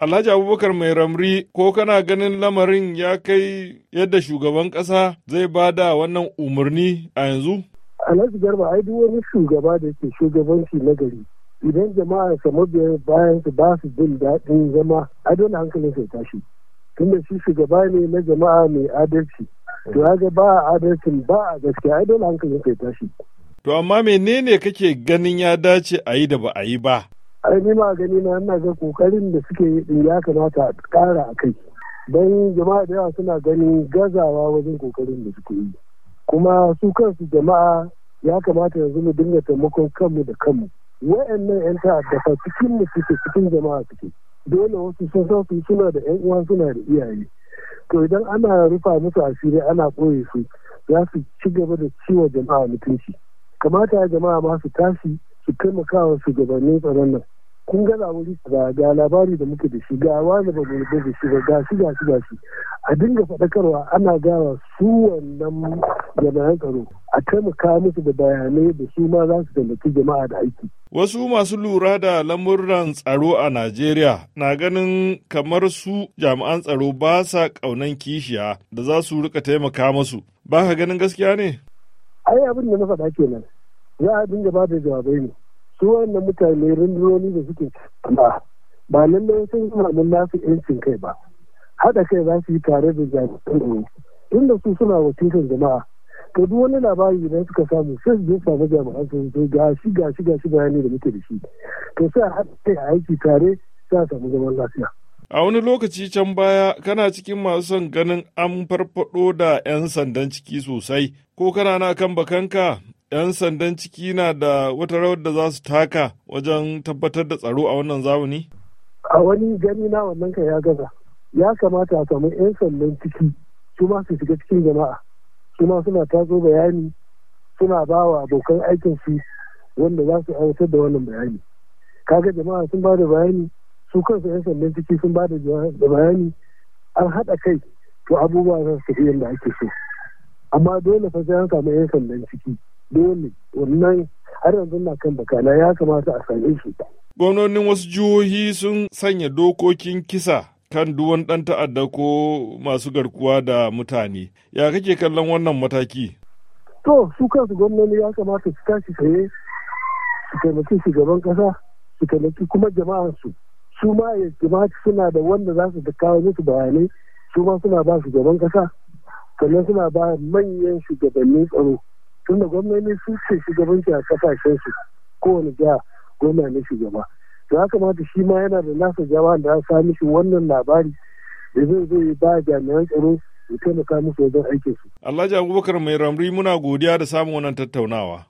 Alhaji Abubakar mai ramri ko kana ganin lamarin ya kai yadda shugaban ƙasa zai ba da wannan umarni a yanzu? Alhaji Garba ai duk wani shugaba da ke shugabanci na gari idan jama'a sa mabiya bayan su ba su jin daɗin zama ai dole hankalin sai tashi tunda shi shugaba ne na jama'a mai adalci to ga ba adalcin ba a gaskiya ai dole hankalin sai tashi. To amma menene kake ganin ya dace a yi da ba a yi ba? ai ni ma gani na yana ga kokarin da suke yi ya kamata a kara a kai don jama'a da yawa suna ganin gazawa wajen kokarin da suke yi kuma su kansu jama'a ya kamata yanzu mu dinga taimakon kanmu da kanmu wa'annan 'yan ta'adda fa cikin mu suke cikin jama'a suke dole wasu sun san su suna da 'yan uwa suna da iyaye to idan ana rufa musu asiri ana koye su za su ci gaba da ciwo jama'a mutunci kamata jama'a ma su tashi su taimaka wa shugabannin tsaron nan kun ga labari ba ga labari da muke da shi ga wani ba da da shi ba ga shi ga shi ga shi a dinga faɗakarwa ana gawa su wannan jama'an tsaro a taimaka musu da bayanai da su ma za su taimaki jama'a da aiki. Wasu masu lura da lamuran tsaro a Najeriya na ganin kamar su jami'an tsaro ba sa ƙaunan kishiya da za su rika taimaka musu. Ba ka ganin gaskiya ne? Ai abin da na faɗa kenan. za a dinga ba da jawabai ne su wannan mutane rundunoni da suke ba ba lallai sun suna nan nasu yancin kai ba haɗa kai za su yi tare da jami'an ne tunda su suna wakilin jama'a to duk wani labari idan suka samu sai su je samu jami'an sun zo ga shi ga bayani da muke da shi to sai a haɗa kai a aiki tare sai a samu zaman lafiya. A wani lokaci can baya kana cikin masu son ganin an farfado da 'yan sandan ciki sosai ko kana na kan bakanka 'yan sandan ciki na da wata rawar da za su taka wajen tabbatar da tsaro a wannan zamani? A wani gani na wannan ka ya gaza. Ya kamata a samu 'yan sandan ciki su ma su shiga cikin jama'a. Su ma suna taso bayani suna ba wa abokan aikin su wanda za su aiwatar da wannan bayani. Kaga jama'a sun ba da bayani su kansu 'yan sandan ciki sun ba da bayani an haɗa kai to abubuwa za su tafi yadda ake so. Amma dole fa sai an samu 'yan sandan ciki. dole wannan har yanzu na kan bakana ya kamata a same su. Gwamnonin wasu jihohi sun sanya dokokin kisa kan duwan ɗan ta'adda ko masu garkuwa da mutane. Ya kake kallon wannan mataki? To, su kansu gwamnoni ya kamata su tashi saye su taimaki shugaban kasa su taimaki kuma jama'arsu. Su ma ya jama'a suna da wanda za su kawo musu bayanai, su ma suna ba shugaban kasa sannan suna ba manyan shugabannin tsaro. tunda gwamnoni su ce shugabanci a kasashen su kowane jiha gwamna ne shugaba ya kamata shi ma yana da nasa jawa da sami shi wannan labari da zai zo ya ba jami'an tsaro ya taimaka musu wajen aikinsu. Alhaji Abubakar Mai Ramri muna godiya da samun wannan tattaunawa.